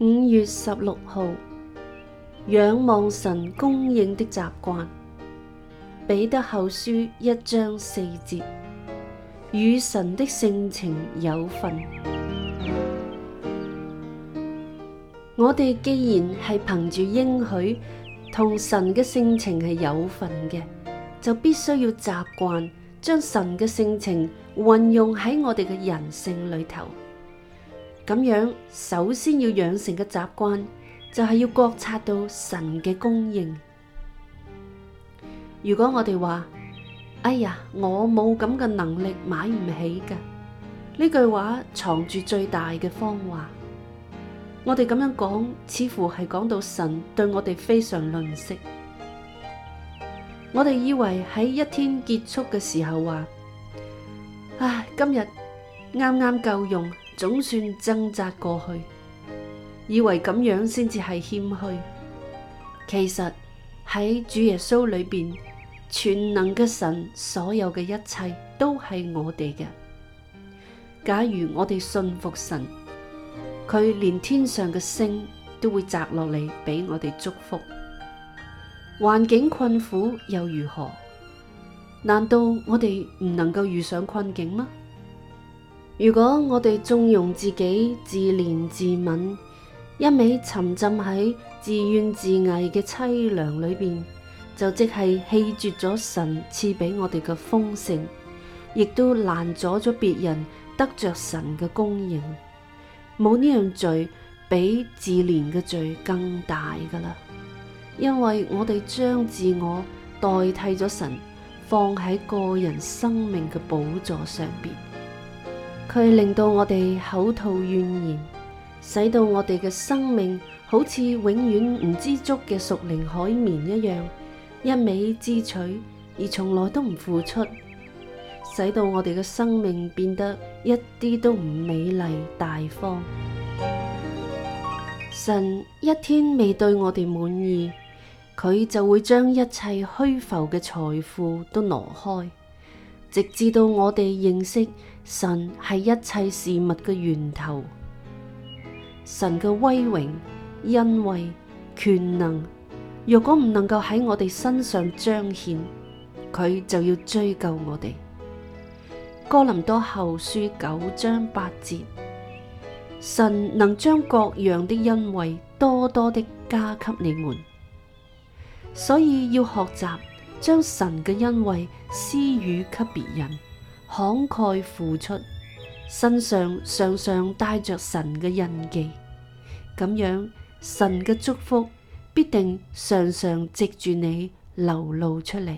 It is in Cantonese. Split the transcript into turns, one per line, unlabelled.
五月十六號，仰望神供應的習慣，彼得後書一章四節，與神的性情有份。 我哋既然係憑住應許，同神嘅性情係有份嘅，就必須要習慣將神嘅性情運用喺我哋嘅人性裏頭。咁樣，首先要養成嘅習慣就係要覺察到神嘅供應。如果我哋話，哎呀，我冇咁嘅能力買唔起㗎，呢句話藏住最大嘅謊話。我哋咁樣講，似乎係講到神對我哋非常吝嗇。我哋以為喺一天結束嘅時候話，唉，今日啱啱夠用。總算掙扎過去，以為咁樣先至係謙虛。其實喺主耶穌裏邊，全能嘅神，所有嘅一切都係我哋嘅。假如我哋信服神，佢連天上嘅星都會摘落嚟畀我哋祝福。環境困苦又如何？難道我哋唔能夠遇上困境嗎？如果我哋縱容自己自憐自憫，一味沉浸喺自怨自艾嘅淒涼裏邊，就即係棄絕咗神賜俾我哋嘅豐盛，亦都攔阻咗別人得着神嘅供應。冇呢樣罪比自憐嘅罪更大噶啦，因為我哋將自我代替咗神，放喺個人生命嘅寶座上邊。佢令到我哋口吐怨言，使到我哋嘅生命好似永遠唔知足嘅熟齡海綿一樣，一味支取而從來都唔付出，使到我哋嘅生命變得一啲都唔美麗大方。神一天未對我哋滿意，佢就會將一切虛浮嘅財富都挪開。直至到我哋認識神係一切事物嘅源頭，神嘅威榮、恩惠、權能，若果唔能夠喺我哋身上彰顯，佢就要追究我哋。哥林多後書九章八節，神能將各樣的恩惠多多的加給你們，所以要學習。將神嘅恩惠施予給別人，慷慨付出，身上常常帶着神嘅印記，咁樣神嘅祝福必定常常藉住你流露出嚟。